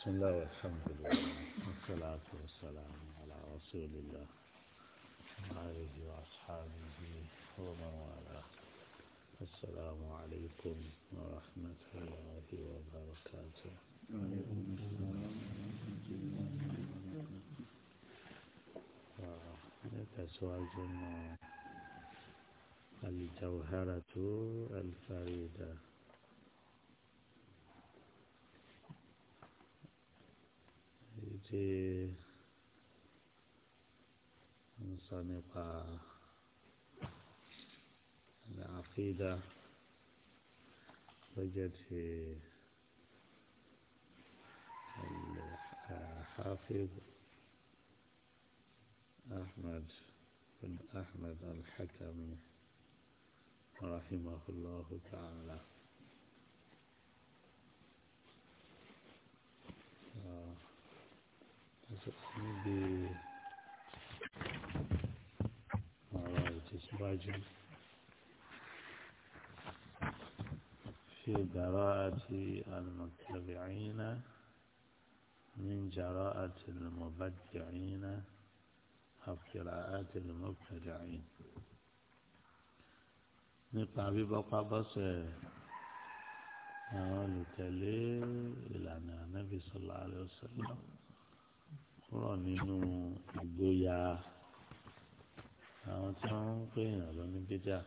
بسم الله والحمد لله والصلاة والسلام على رسول الله وعليه وأصحابه ومن والاه السلام عليكم ورحمة الله وبركاته جمع الجوهرة الفريدة tí ń sọ وجد في الحافظ أحمد بن أحمد الحكمي رحمه الله تعالى الرجل في براءة المتبعين من جراءة المبدعين أو قراءات المبتدعين نقع ببقى بصر àwọn olùtẹ̀lé ìlànà ànábì sallallahu alaihi wasallam kúrò nínú ìgboyà àwọn tí wọ́n ń pè yàn lóní bíjà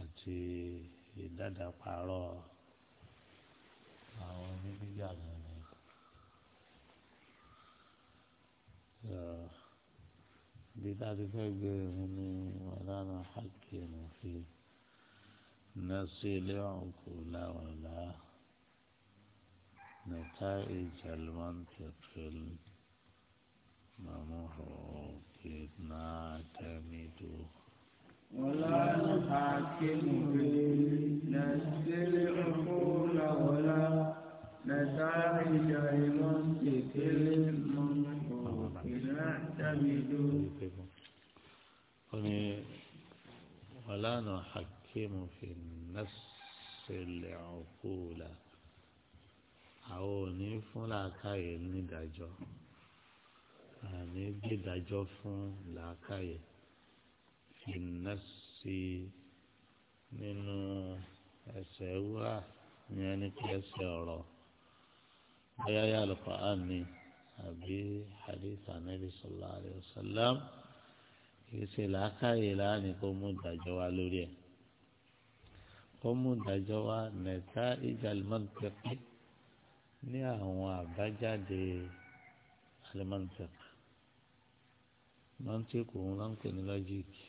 àti ìdádàpárọ̀ àwọn oníbíjà náà ni. بدعة فجر من ولانا حق في نسيل عقول ولا نتائج المنطق في المنهور إذ ما تمدوا ولا نحاكم نسل العقول ولا نساعد لمسك المنقول نعتمد ولا نحكم في النفس العقول àwọn ò ní fúnra àní gbẹdájọ fún làákàyè fìnnàsì nínú ẹsẹ wúrà ìyẹn ní kí ẹsẹ ọ̀rọ̀ bóyá yà Al-Qur'an ni àbí hadith anabi sallallahu alayhi wa sallam kìí ṣe làákàyè láàrin kó mú ìdájọ́ wá lórí ẹ̀ kó mú ìdájọ́ wá nẹ̀ta ìjà ní àwọn àbájáde alimọ́ntẹ́kì mọ́ńtíkù òun là ń pè ní lọ́jíìkì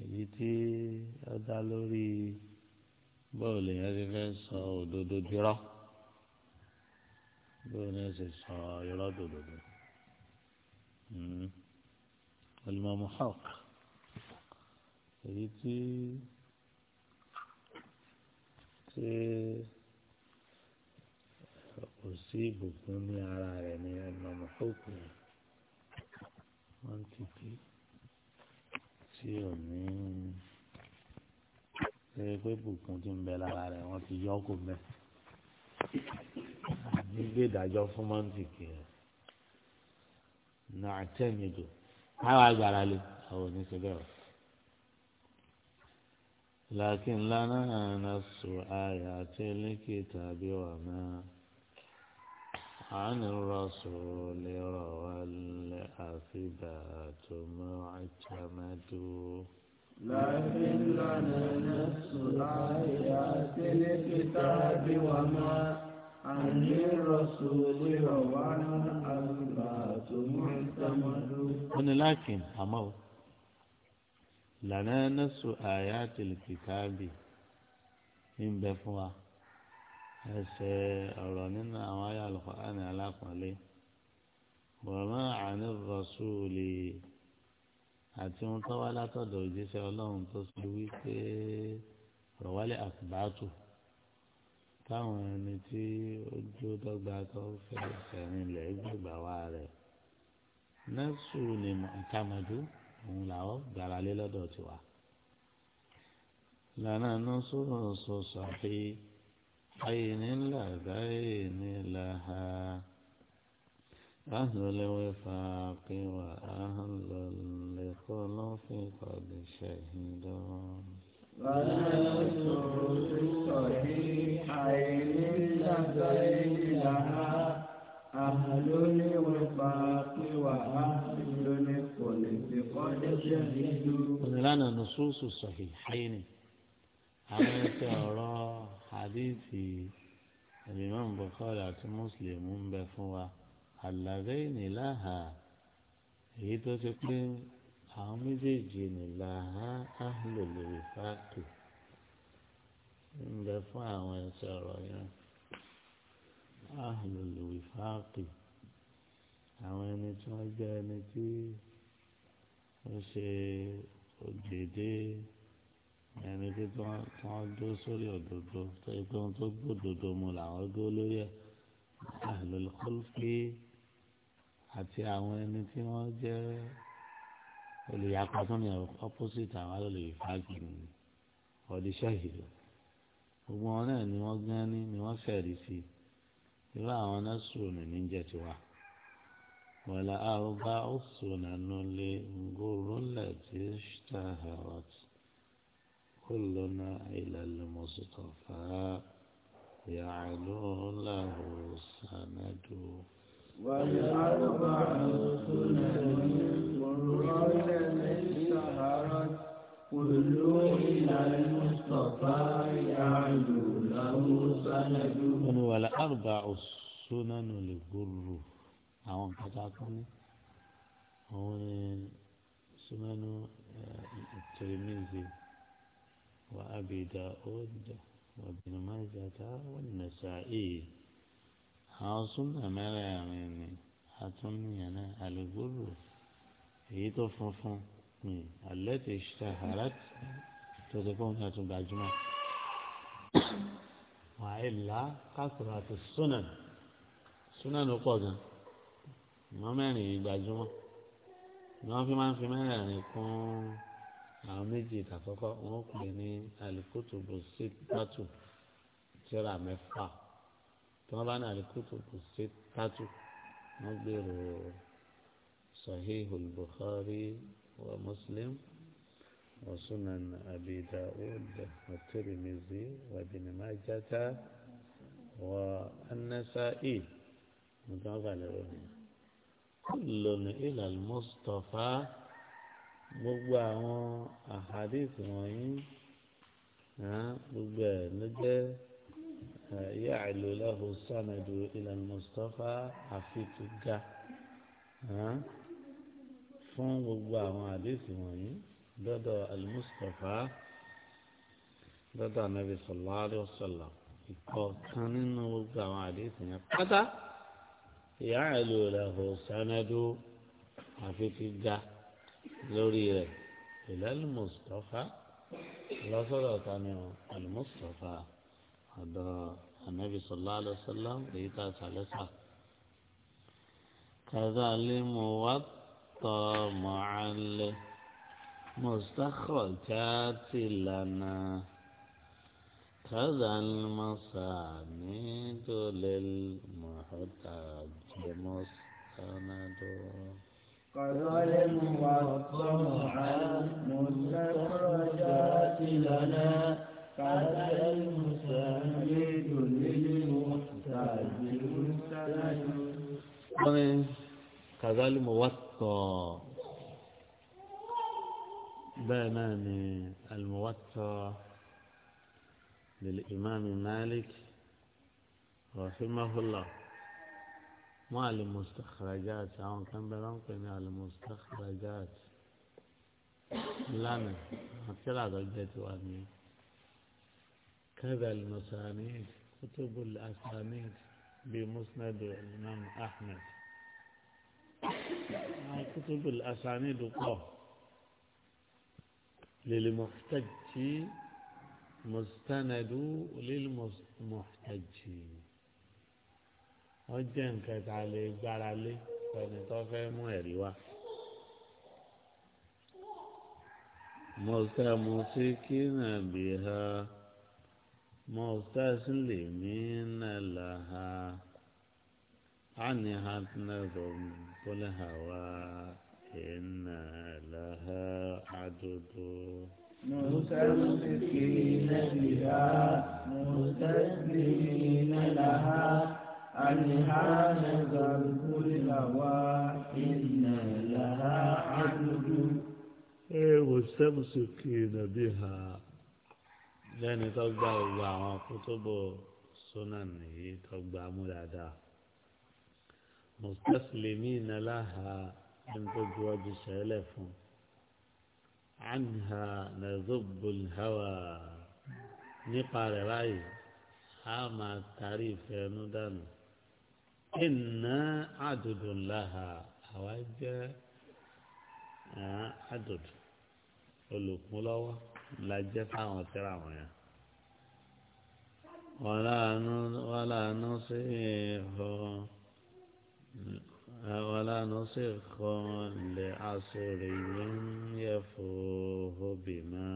èyí tí ó dá lórí bọ́ọ̀lù lèèyàn ti fẹ́ sọ òdodo dirọ́ bọ́ọ̀lù yẹn sì sọ irọ́ dòdòdò hmm. alimami hawk èyí tí tí kò sí ìbùkún ní ara rẹ̀ ní alimami hawk yẹn quantity tí ò ní ṣe pé bùkún ti ń bẹ lára rẹ̀ wọ́n ti yọ kó mẹ́. gbígbé ìdájọ́ fún mọ́ǹtìkì rẹ̀ náà àtẹ̀mídò káwá gbára lé àwọn oníṣẹ́ bẹ́ẹ̀ o. لكن لنا نص آيات الكتاب وما عن الرسول روى الأفداء معتمد لكن لنا نفس الآيات الكتاب وما عن الرسول روى الأفداء معتمد أنا لكن أمر لنا نفس آيات الكتاب إن بفوا ẹsẹ̀ ọ̀rọ̀ nínú àwọn ayé Al-Qur'ani alápọ̀nlé wàmọ́ àní rọ̀ṣúlì àti ohun tó wá látọ̀dọ̀ òjíṣẹ́ ọlọ́run tó ṣe wípé rọ̀wálẹ̀ àkùbátù táwọn ẹni tí ó dúró dọ́gba tó fẹ́ sẹ́rin lẹ̀ gbẹ̀gbà wá rẹ̀ nẹ́sù ni mọ̀tàmọ́dú òun làwọn gbára lọ́dọ̀ tiwa lànà nọ́sọ̀rọ̀ sọ̀sọ̀ àfihàn. عين لدين لها أهل الوفاق وأهل الخلف قد شهدوا أهل الوفاق وأهل الخلف قد شهدوا لنا نصوص الصحيحين على hadithi alimam bukhari àti muslim ń bẹ fún wa alladhayn laha èyí tó ti pé àwọn méjèèjì ní laha ahlul wifaqi ń bẹ fún àwọn ẹsẹ ọ̀rọ̀ yẹn ahlul wifaqi àwọn ẹni tí wọ́n jẹ́ ẹni tí ó ṣe òdèdè ẹni tí wọ́n dúró sórí òdodo tó yẹ pé wọ́n tó gbódodo mu làwọn dúró lórí ẹ̀ àlòlùkọ́lùkì àti àwọn ẹni tí wọ́n jẹ́ olùyàpá tó ní opposite àwọn olùyìfàgì ni ọ̀díṣẹ́ ìlú gbogbo wọn náà ni wọ́n gán ní ni wọ́n fẹ̀rí sí i irú àwọn náà sùnù ní jẹ́ tiwa wọ́n la àrùbá ó sùnù nulẹ̀ ngóró lẹ̀ tí ó ṣe كلنا إلى المصطفى يعلو له السند والأربع سنن والرؤيا التي سهرت كل إلى المصطفى يعلو له سند والأربع سنن للبر أو كتاكم هون سنن الترمذي وأبي داود وابن ماجة والنسائي حاصل أمال يعني حتمني أنا الغر هي تفرفون التي اشتهرت تتكون هتبعجمة وإلا كثرة السنن سنن قوة ما معنى يبعجمة ما في معنى في معنى يعني يكون àwọn méjì ìtàkọ́kọ́ wọ́n pè ní alikutubu sitatu tíra mẹ́fà tí wọ́n bá ní alikutubu sitatu wọ́n gbèrò sahihul bukhari wa muslim wa sunan abi dawud wa tirmidhi wa ibn majata wa an-nasa'i mo tán fà lérò ni. كل إلى المصطفى gbogbo àwọn ahadith wọ̀nyí gbogbo ẹ̀ ló jẹ́ ya'lu lahu sanadu ila al-Mustafa àfitúgà fún gbogbo àwọn ahadith wọ̀nyí dọ́dọ̀ al-Mustafa dọ́dọ̀ anabi sallallahu alayhi wa sallam ìkọ̀ọ̀kan nínú gbogbo àwọn ahadith yẹn pátá ya'lu lahu sanadu àfitúgà. ضروري الى المصطفى لا صلاة المصطفى هذا النبي صلى الله عليه وسلم ديتا سالسا كذا لموطى مع المستخرجات لنا كذا المصانيد للمحتاج مصاند قتل الموطن عن مستخرجات لنا قد المساند للمحتاج المستند قتل الموطن باماني الموطى للإمام مالك رحمه الله ما المستخرجات مال مستخرجات بلانقين المستخرجات دل دیتی البيت کذا كذا المسانيد كتب الأسانيد بمسند الإمام أحمد يعني كتب الأسانيد قه للمحتج مستند للمحتج wọ́n jẹ́ nǹkan tá a lè gbára lé ẹni tó fẹ́ mú ẹ̀rí wá. مستمسكين بها مستسلمين لها عنها نظم الهوى إن لها عدد مستمسكين بها مستسلمين لها عليها نزل كل وإن لها عدد والسمسكين بها لأن تقبع الله كتب سننه تقبع ملعدا مستسلمين لها أن تجوج سلف عنها نذب الهوى نقال رأي أما تعريف ندنه iná àdùdù láha àwa jẹ́ àdùdù olùkúnlọ́wọ́ la jẹ́ fáwọn tẹ́ra wọn yẹn. ولا نصيح ولا نصيح لعصري يفوه بما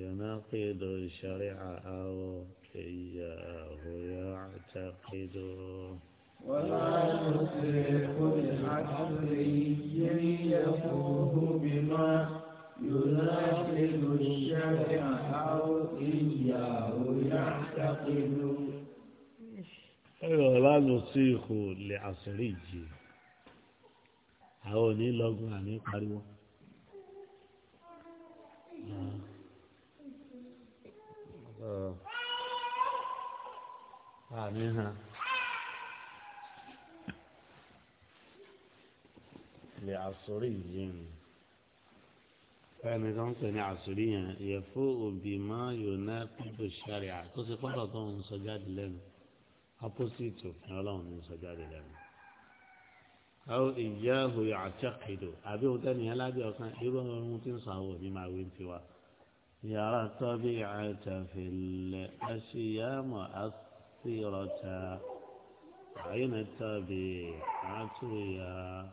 يناقض الشريعة أو إياه يعتقد ولا يصرف الحقيقي يفوه بما يناقض الشرع أو إياه يعتقد أيوة لا نصيخ لعصري àwọn òní lọ́gùn àní pariwo Uh... àmín hàn. lè ẹni tó ń pè ní àsórí yẹn yẹ fún òbí mọ́ yòóná pípò sáré àtúnṣe pọ́tọ̀ tó ń sọ jáde lẹ́nu opposite òfin ọlọ́run ní sọ jáde lẹ́nu. àwọn ìyá òye àtẹ́kẹ̀dọ̀ àbí tẹ́ni yẹn ọ̀kan irú ohun tí ń sọ àwọn òní máa wí tiwa. yàrá tọ́bí àtàfẹ́lẹ̀ ẹṣin yá البصيرة عين التابع عطويا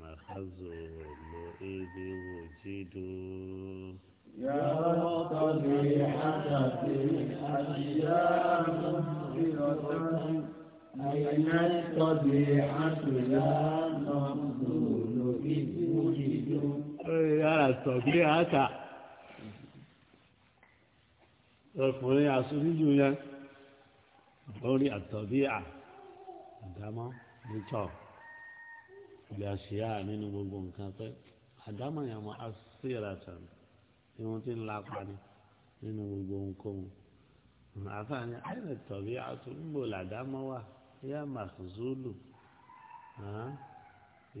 مخزون إذ وجيد يا طبيعة الأشياء مصيرة أين الطبيعة لا مخزون إذ وجد يا طبيعة ọkùnrin àsoníjù yẹn lórí àtọ̀bíà àdámọ́ nítọ̀ ilẹ̀ àṣìyá nínú gbogbo nǹkan pé àdámọ́ yẹn mọ asíratan tí wọ́n ti ń lapa ni nínú gbogbo ohunkóhun àfààní àìní tọ̀bíà tó ń bò làdámọ́ wà yá màzúlù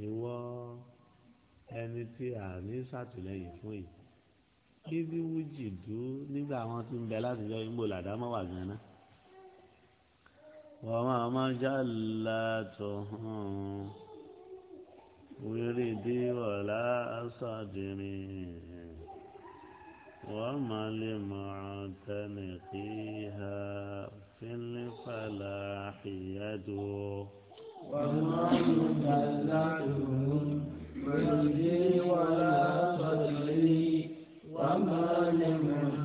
ìwọ ẹni tí a ní sàtìlẹ́yìn fún yìí bí bí wújì dú nígbà wọn ti ń bẹ láti jọ ìmọ̀ làdámọ́ wà gan وما مجلتهم وردي ولا أصدري وما لمعتنقيها في الفلاح يده وما مجلتهم وردي ولا أصدري وما لمعتنقيها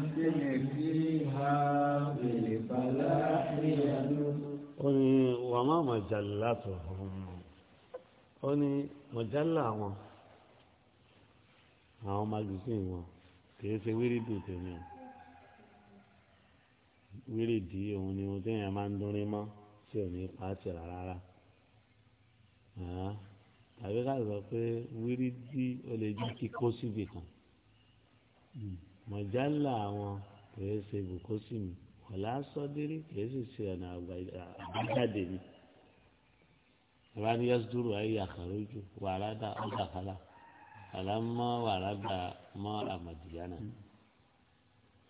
mọ̀jálá tó hùn ó ní mọ̀jálá wọn àwọn magazine wọn kìí ṣe wírídì tèmi wírídì òun ni ohun téèyàn máa ń dúnrín mọ́ tí ò ní pàtì rárá tàbí ká sọ pé wírídì ó lè jẹ́ kíkó síbì kan mọ̀jálà àwọn kìí ṣe ibùkó sí mi ọ̀là sọ́dírí kìí sì ṣe ọ̀nà àbájáde mi ìwádìí yasuduru ayé àkàrójú wàràdà ọdàkàlà àlámọ wàràdà mọ àmàdìyànà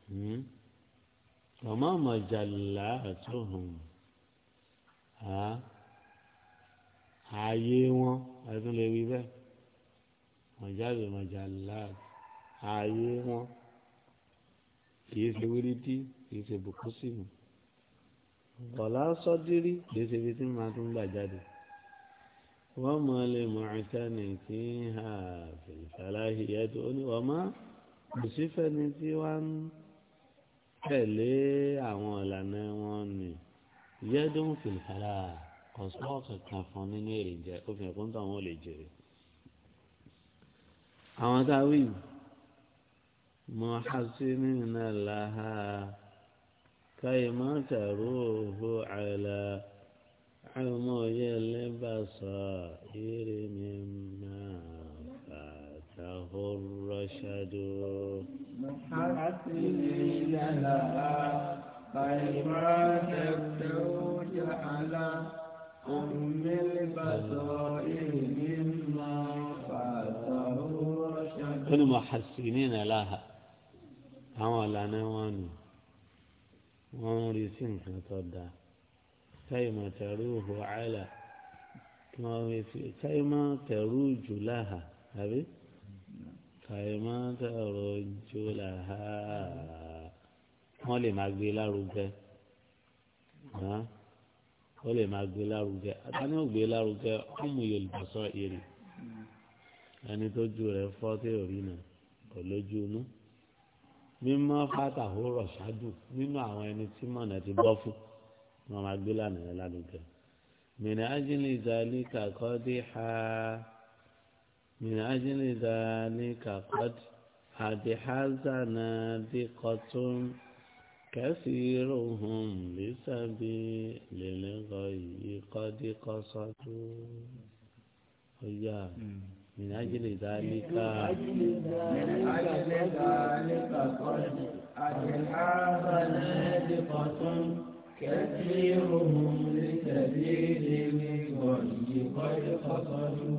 hmm? ọmọ mọjàlá àtúhùn ààyè wọn ẹtún lè wí bẹ́ẹ̀ mọjàlá mọjàlá ààyè wọn kìí ṣe wírídì kìí ṣe bùkúsì bọlá sọdírí kìí ṣe ibi tí màá tún gbà jáde. وما لمعتنتها في يدون وما بصفتي وان تلي عمولنا واني يدون في الفلاح قصوات الكافون نيرجع وفي قنطة مولي جري أما تعويم محسنين لها كيما تروه على الموج البصائر مما فاته الرشد حسني لها فيما تبتوج على أم البصائر مما فاته الرشد كن محسنين لها àwọn ọ̀làna wọn nù wọn kẹ́yìmọ̀ tẹ̀rù hù àìlà kẹ́yìmọ̀ tẹ̀rù jù láhà àbí kẹ́yìmọ̀ tẹ̀rù jù láhà wọ́n lè máa gbé lárugẹ wọ́n lè máa gbé lárugẹ àtàní ò gbé lárugẹ ọmọ yorùbá sọ èrè ẹni tó ju rẹ̀ fọ́ tí ò rí nà kò lójú inú mímọ́ fátàhóró ṣáájú nínú àwọn ẹni tí mọ̀nà ti bọ́ fún. wọn máa gbé lánàá yẹn ládùúgbò mìnà ájílì zàlíkà kọ́dí ha mìnà ájílì zàlíkà kọ́dí àdì hazana dì kọ́tún kẹ́sì rohun lẹ́sàbí lẹ́lẹ́gọ́ yìí kọ́dí kọ́sọ́tù ọ̀yà. من أجل ذلك من أجل ذلك قد أجل هذا نادقة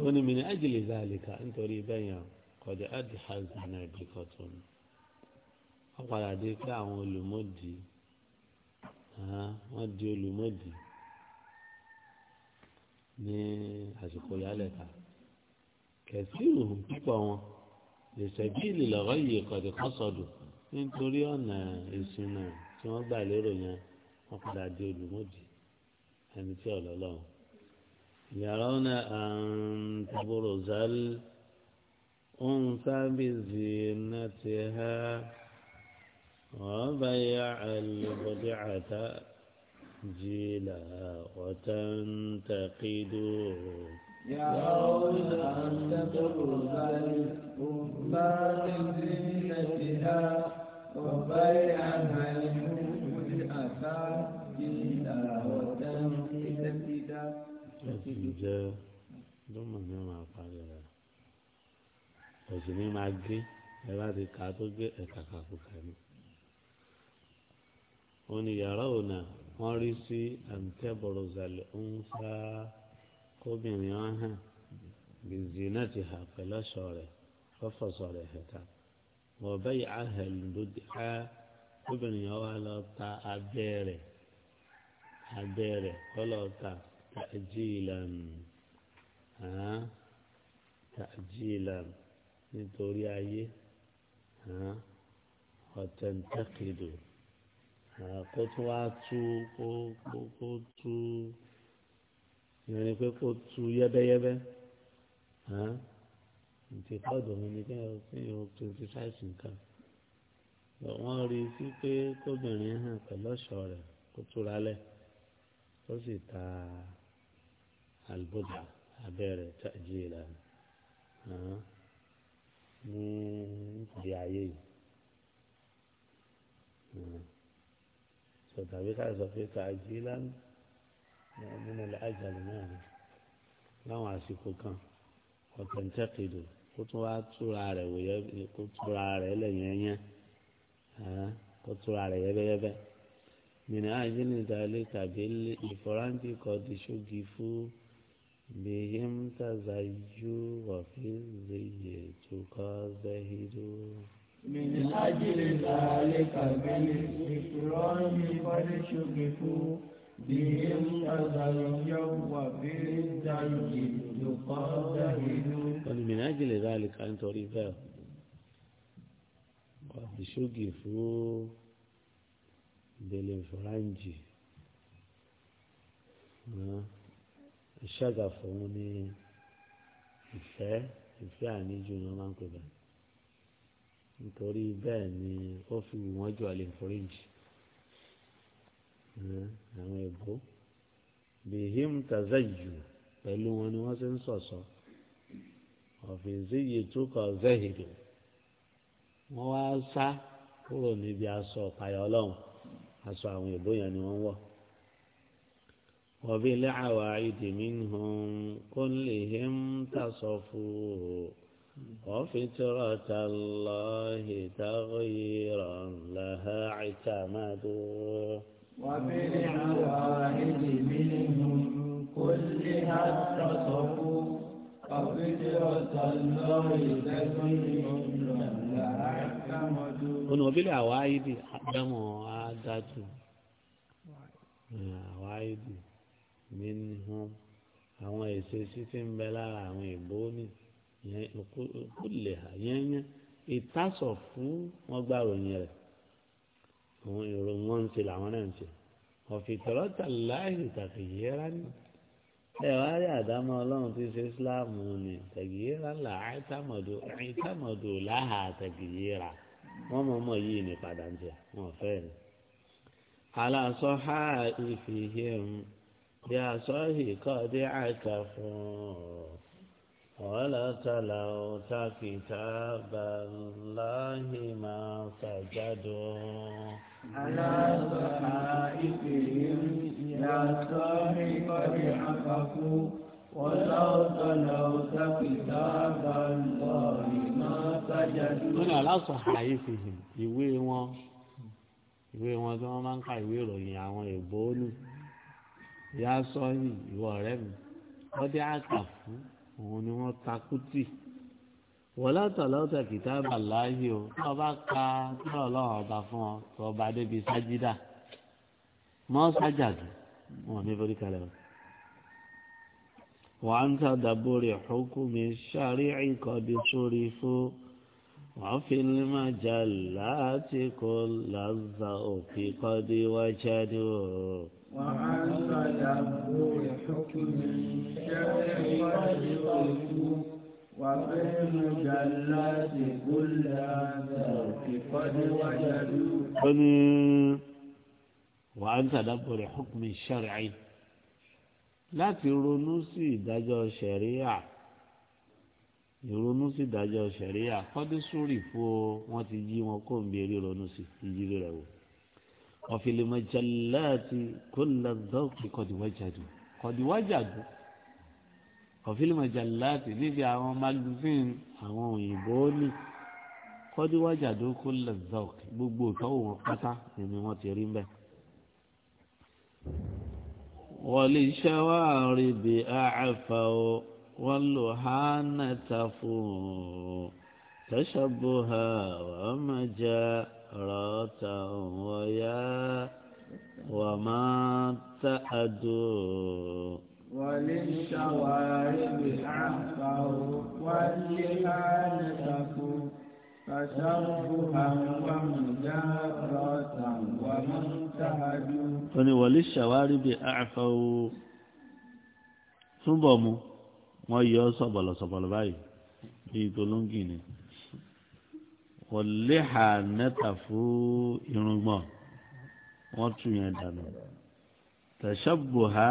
wọ́n ní mi ní ájìlè záàlìkà nítorí bẹ́yà kọ̀dẹ̀ àdìhà ìgbàna ìdíkọ̀ tó wọ́n di olùmọ̀dì ní àsìkò yálẹ̀ta. kẹ̀síìrù púpọ̀ wọn lè ṣẹ́bí ìlìlọ́rọ̀ yìí kọ́sọ̀dù nítorí ọ̀nà tí wọ́n gbà lérò yẹn. وقد عدي المجي هم تيال الله يرون أن تبرز الأنثى بزينتها وبيع البدعة جيلا وتنتقد يرون أن تبرز الأنثى بزينتها وبيعها المجي jẹ́ lọ́mọ ní ọmọ àpárí rẹ̀ ọ̀sìn ní máa gé ẹ bá ti kà tó gé ẹ̀ka kàkùkà ni. ó ní yàrá ònà wọ́n rí sí àǹtẹ̀bọ̀rọ̀ zàlẹ̀ ń fa kóbìnrin wọn hàn bìzì náà ti hà pẹ̀lú ọ̀ṣọ́ rẹ̀ fọ́fọ́sọ rẹ̀ ẹ̀ka wọ́n bẹ́yìí àhẹ̀lú ló dé á obìnrin yẹn wá lọ ta abẹ́ rẹ̀ abẹ́ rẹ̀ ọlọ́ọ̀ta tajilan tajilan nítorí ayé ọ̀tẹ̀ǹtẹ̀kìdù kó tún wá tú kó kó kó tú ìyẹn ni pé kó tú yẹ́bẹ́yẹ́bẹ́ ǹtí kọ́ọ̀dù mi ni kí n ò criticize nǹkan wọ́n rí i sí pé kóbìnrin hàn pẹ̀lú ọ̀ṣọ́ rẹ̀ kó túra lẹ̀ ó sì ta àlùbọ́dà abẹ́rẹ́ tàjí ìlànà ní ìdí ayé yìí sọ tàbí ká sọ pé tàjí ìlànà nínú àjàlù náà ni láwọn àsìkò kan ọ̀tẹ̀ntẹ́kìdù kó tún wá túra rẹ̀ wòye kó túra rẹ̀ lẹ́yìn kó tura rẹ̀ yẹ́bẹ́yẹ́bẹ́ mìnà àìsínì ìdálé tàbí ìfọ̀ráǹtì kọ́ di ṣógi fún bihim tazayyu wà fi zèyè tó kọ́ zẹ́hìrú. mìnà àìsínì ìdálé tàbí ìfọ̀ráǹtì kọ́ di ṣógi fún bihim tazayyu wà fi zèyè tó kọ́ zẹ́hìrú. wọ́n ní mìnà àìsínì ìdálé kan torí bẹ́ẹ̀ ìṣógi fún bẹ̀lẹ̀ fọ́ráǹjì ìṣàgà fún ní ìfẹ́ ìfẹ́ àníjù ni wọ́n máa ń pè bẹ́ẹ̀ nítorí bẹ́ẹ̀ ni ó fi wọ́n jù àlè fọ́ráǹjì àwọn ẹ̀bùn bihim tazayu pẹ̀lú wọn ni wọ́n ti ń sọ̀sọ́ ọ̀fìn sí yìí tó kọ̀ zẹ́hìrì. wọ́n wá sá kúrò níbi aṣọ ọ̀tayọ̀ ọlọ́run aṣọ àwọn ìbò yẹn ni wọ́n wọ̀. wọ́n fi lé àwa ìdè mi hàn kó lè ń tàṣọ o. wọ́n fi tọrọ ta lọ ìtàkọ́ yìí rọ̀ lọ́hà ìtàmádó. wọ́n fi lé mi wọ́n fi tọrọ ta lọ onùbílẹ̀ àwáyídì ádámù ádájú hmm, àwáyídì mínú àwọn ìṣesí tí ń bẹ lára àwọn ìbóni yẹn òkúlẹ̀ yẹn ìtàsọ̀ fún wọn gbà ròyìn rẹ̀ àwọn ìròyìn wọn ń ṣe làwọn náà ń ṣe ọ̀fìtọ́lọ́tà láàyè tàkìyẹ́rá ní ẹ wá rí àdámọ́ ọlọ́run tí ṣe islam ni tàkìyẹ́rá là áìtàmọ̀dò láhà tàkìyẹ́rá wọ́n mọ̀ mọ̀ yìí ní padà ń jẹ wọn fẹ́ ni. aláṣọ ha ìfìhìm bí aṣọ ìkọ́ dé àìkà fún ọ̀ọ́lọ́tàlá ọ̀tá kìtà bàláhì máa ṣàjádọ. aláṣọ ha ìfìhìm bí aṣọ ìkọ́ dé àìkà fún lónìí aláṣọ àyè fi hàn ìwé wọn ìwé wọn tí wọn máa ń ka ìwé ìròyìn àwọn èèbó nù ìyá sọ́ọ̀nì ìwọ ọ̀rẹ́ mi ọdẹ àkàfú òun ni wọ́n takùtì wọlé tọ̀lọ́tọ̀ kìtà bàláyé o tí wọ́n bá ka tí ọlọ́run ọba fún ọ tí ọba débi sájídà mọ́ sájàdù wọn ò ní forí kalẹ̀ o. وعن تدبر حكم الشريع قد صرفوا وفي المجلات كل الذوق قد وجدوا وعن تدبر حكم الشرع قد صرفوا وفي المجلات كل الذوق قد وجدوا وعن تدبر حكم الشرع láti ronú sí ìdájọ́ ṣẹ̀ríà ìronú sí ìdájọ́ ṣẹ̀ríà kọ́dísúrì fún ọ wọ́n ti yí wọn kó ń bí eré ronú sí ìyírí rẹ̀ wò. ọ̀fìlìmọ̀jàláàtì kólàdọ́ọ̀kì kọ̀díwájàdù kọ̀díwájàdù ọ̀fìlìmọ̀jàláàtì níbi àwọn magazine àwọn òyìnbó ní kọ̀díwájàdù kólàdọ́ọ̀kì gbogbo ìtọ́wò wọn pátá ni wọ́n ti rí mbẹ́. ولشوارب أعفوا واللها نتفوا تشبها ومجارات ويا وما تعدوا وللشوارب أعفوا واللها نتفوا wọ́n ní wọ̀lé ṣàwárí bí àfẹ́ o túbọ̀ mu wọ́n yọ sọ̀bọ̀lọ̀ sọ̀bọ̀lọ̀ báyìí bíi tolóńgì ni wọ̀lé hà nẹ́ta fún irungbọ̀n wọ́n tú yẹn dànù tẹ̀sọ́bù ha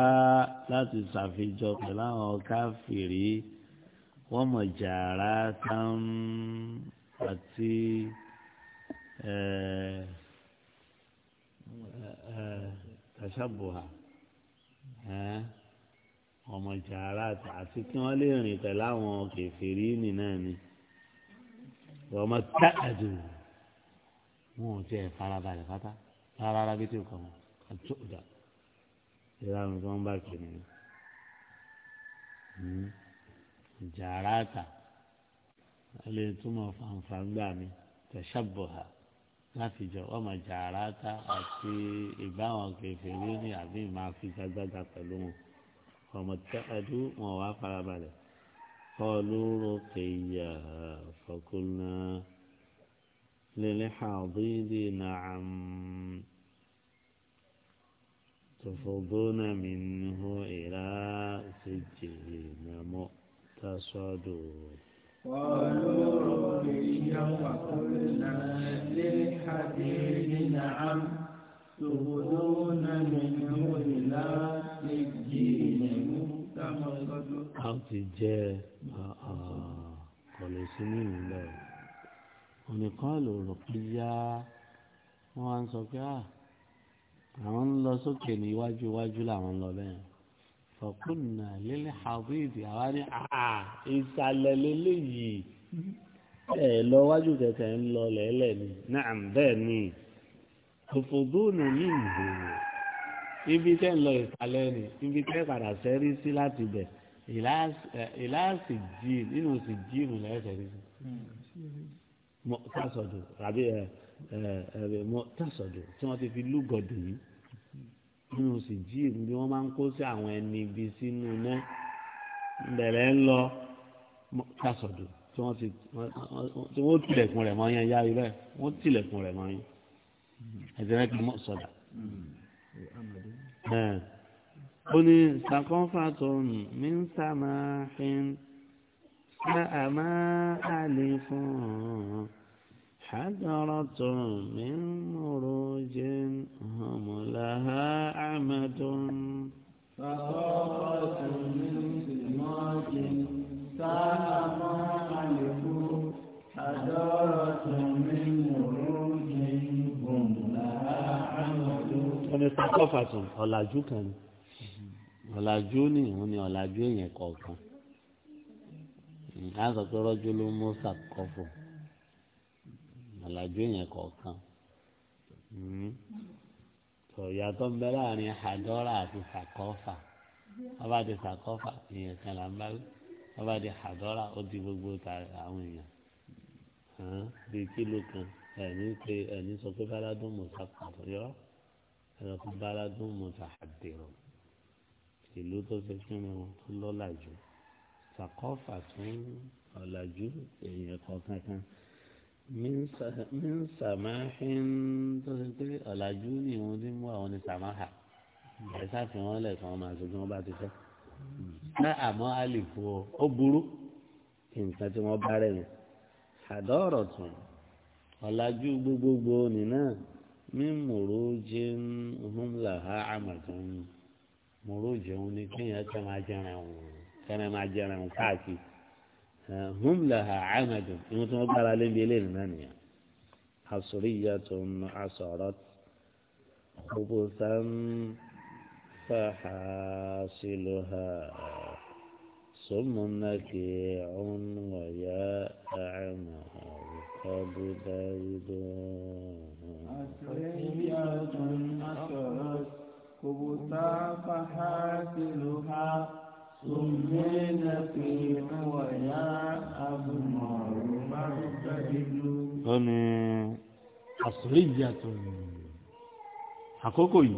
láti ṣàfijọ́ pẹ̀lú àwọn káfìrí wọ́n mọ̀ jàrá tán àti tàṣàbùhà ọmọ jàrá àti kí wọ́n lè rìn pẹ̀lú àwọn kẹfìrí nì náà ni ọmọ táàdù wọn ò tiẹ̀ farabalẹ̀ pátá rárá bí tí o kàn wọ́n àti ọ̀dà ìlànà tí wọ́n bá kiri ni hmm? jàrá àtà ilé túmọ̀ fanfàgbà mi tẹ̀sàbọ̀hà láti jọ ọmọ jàràtà àti ìbáwọn kẹfẹ́rí ní àbí máa fi gbàgbàgbà pẹ̀lú wọn ọmọ tẹ́ẹ̀dú wọn wá farabalẹ̀ kọlu rọkẹyà fọkùnà lílẹ̀ xàdídì nàám tòfòdónà mìíràn ìlà sèjì nàmọ́ tásọ́dọ̀. قالوا ربيا وقلنا للحبيب نعم تغدون منه إلى الدين مكتمل أرتجاء قالوا سنين الله wọ́n kọ́ọ̀lù rọ̀pìyà wọ́n wá ń sọ pé àwọn ń lọ sókè ní iwájú iwájú làwọn ń lọ bẹ́ẹ̀ fọkùnà lílẹ àbíìdì àwa ní àà ìsàlẹ̀ lélẹyìí ẹ lọ wájú kẹkẹ ń lọ lẹẹlẹ ni náà bẹ́ẹ̀ ni òfòdúnà ní ìhò ibi tẹ́ ń lọ ìsàlẹ̀ ni ibi tẹ́ padà sẹ́rí sí láti bẹ̀ ìlàsì jí nínú sì jí mu lẹ́sẹ̀ rí mọ tásọdù tàbí ẹ ẹ tí wọ́n ti fi lúgọ̀dù yìí nínú sì jí ìdí wọn máa ń kó sí àwọn ẹni ibi sínú náà bẹ̀rẹ̀ ń lọ kásọ̀dù tí wọ́n tilẹ̀kùn rẹ̀ mọ́ yẹn yá irú ẹ̀ wọ́n tilẹ̀kùn rẹ̀ mọ́ yẹn ẹ̀sìn rẹ̀ kì í mọ̀ sọ̀dà. ó ní sàkọ́fàtò mi ń sàmáhìn sàmá àlè fún un. حجرة من مروج هم لها عمد فخافت من سماك ساء ما ألفوا حجرة من مروج هم لها عمد. wọ́n ní sakọ́fàtún ọ̀làjú kan ọ̀làjú ni wọ́n ní ọ̀làjú èèyàn kọ̀ọ̀kan a sọ pé rọ́jú ló mú sakọ́fọ̀ àlàjò yẹn kọ̀ọ̀kan mm-hmm. ìyàtọ̀ ń bẹ láàrin hadọ́rà àti sàkọ́fà ọba di sàkọ́fà èèyàn kan là ń bá wí ọba di hadọ́rà ó di gbogbo àwọn èèyàn bíi kílò kan ẹni pé ẹni sọ pé báládùn mọ̀tà pàtó yọ ẹni pé báládùn mọ̀tà àdèrò ìlú tó ṣe kí ni wọn tó lọ́làjú sàkọ́fà tún ọ̀làjú èèyàn kọ̀ọ̀kan kan min samahin tó ṣe pé ọ̀làjú ni òun ti mú àwọn ní samaha ẹ̀ sáfihàn lẹ̀ kí wọ́n máa ṣe kí wọ́n bá ti fẹ́. ná àmọ́ àlìfo ó burú nǹkan tí wọ́n bá rẹ̀ yẹn. àdọ́rọ̀ tún ọ̀làjú gbogbogbò nìna mímòrò jẹ́ ńlá àmàtún mòrò jẹun ni kéèyàn kẹ́ máa jẹrẹ̀ wọn kẹ́rẹ́ máa jẹrẹ̀ káàkiri. هم لها عمد يمكن على على من يعني حصرية عصارت خبثا فحاصلها صم نكيع ويا أعمى قد بعيد حصرية عصارت خبثا فحاصلها ó ní àsùlíjà tó àkókò yìí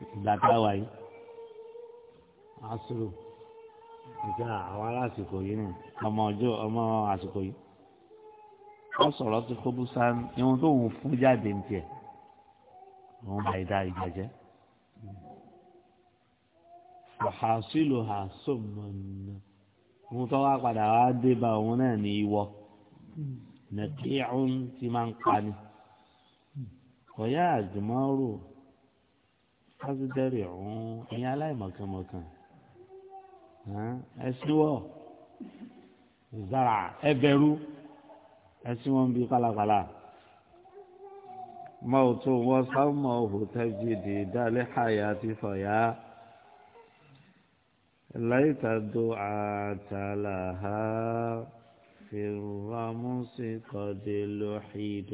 ìgbà tá a wà yìí àsùrù ìjà àwọn aláṣìkò yìí nù ọmọ ọjọ́ ọmọ àsìkò yìí wọ́n sọ̀rọ̀ tó kó búsá ní ohun tó wù fún jáde ní tiẹ̀ òun bá ìdá ìgbà jẹ́ ọ̀hásílò àsọ̀mọ̀nà òun tó wá padà wá dé bá òun náà ní ìwọ nàkí ọ̀hún ti máa ń pani ọ̀yá àjùmọ́rò pásítẹ́rì ọ̀hún ẹ̀yin aláìmọ̀kànmọ̀kàn ẹ̀sìn wọ̀ zara ẹ̀bẹ̀rú ẹ̀sìn wọn bí pálapàla mọ́ọ̀tún wọ́n sáwọn ọ̀hún tẹ́jú dé àyà ti fọ̀yà. ليت الدعاة لها في الرمس قد لحيد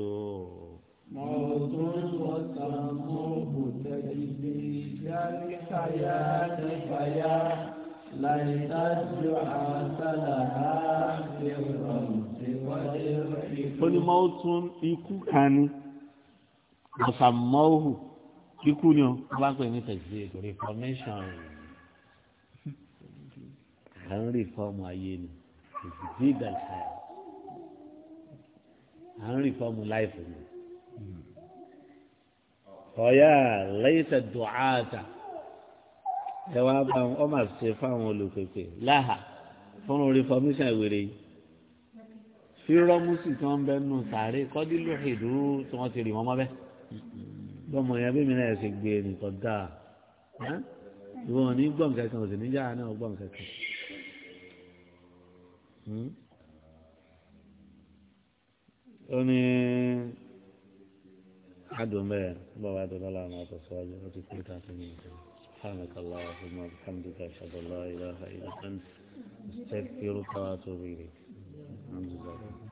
موت وتموت تجدي الحياة حياة ليت الدعاة لها في الرمس قد لحيد قل موت ikú kan ni ọ̀sàmọ́hù ikú ni ó bá pè à ń rí fọ́ọ̀mù ayé ni èsì tí ìgbàlá à ń rí fọ́ọ̀mù láìfù ni. ọ̀yà lẹ́yìntà dùcáàtà ẹ wá bá wọn ọ máa ṣe fáwọn olùpèpè láhà fún orí fọmíṣàn ìwéré yìí fírọ́mùsì tí wọ́n ń bẹ́ nù sàárè kọ́dílù ìdúró tí wọ́n ti rì wọ́n mọ́ bẹ́ẹ̀ lọ́mọ yẹn bí mi náà ṣe gbé ẹnì dáa ìwọ ní gbọ̀ǹkẹ́kẹ́ ò sì náà gbọ̀ǹkẹ́kẹ́ ó ní adùn bẹ́ẹ̀ bá wa dùn lọ́la àwọn àtọ̀síwájú ó ti pé tààtì ní ìjọ سبحانك اللهم وبحمدك أشهد أن لا إله إلا أنت أستغفرك وأتوب إليك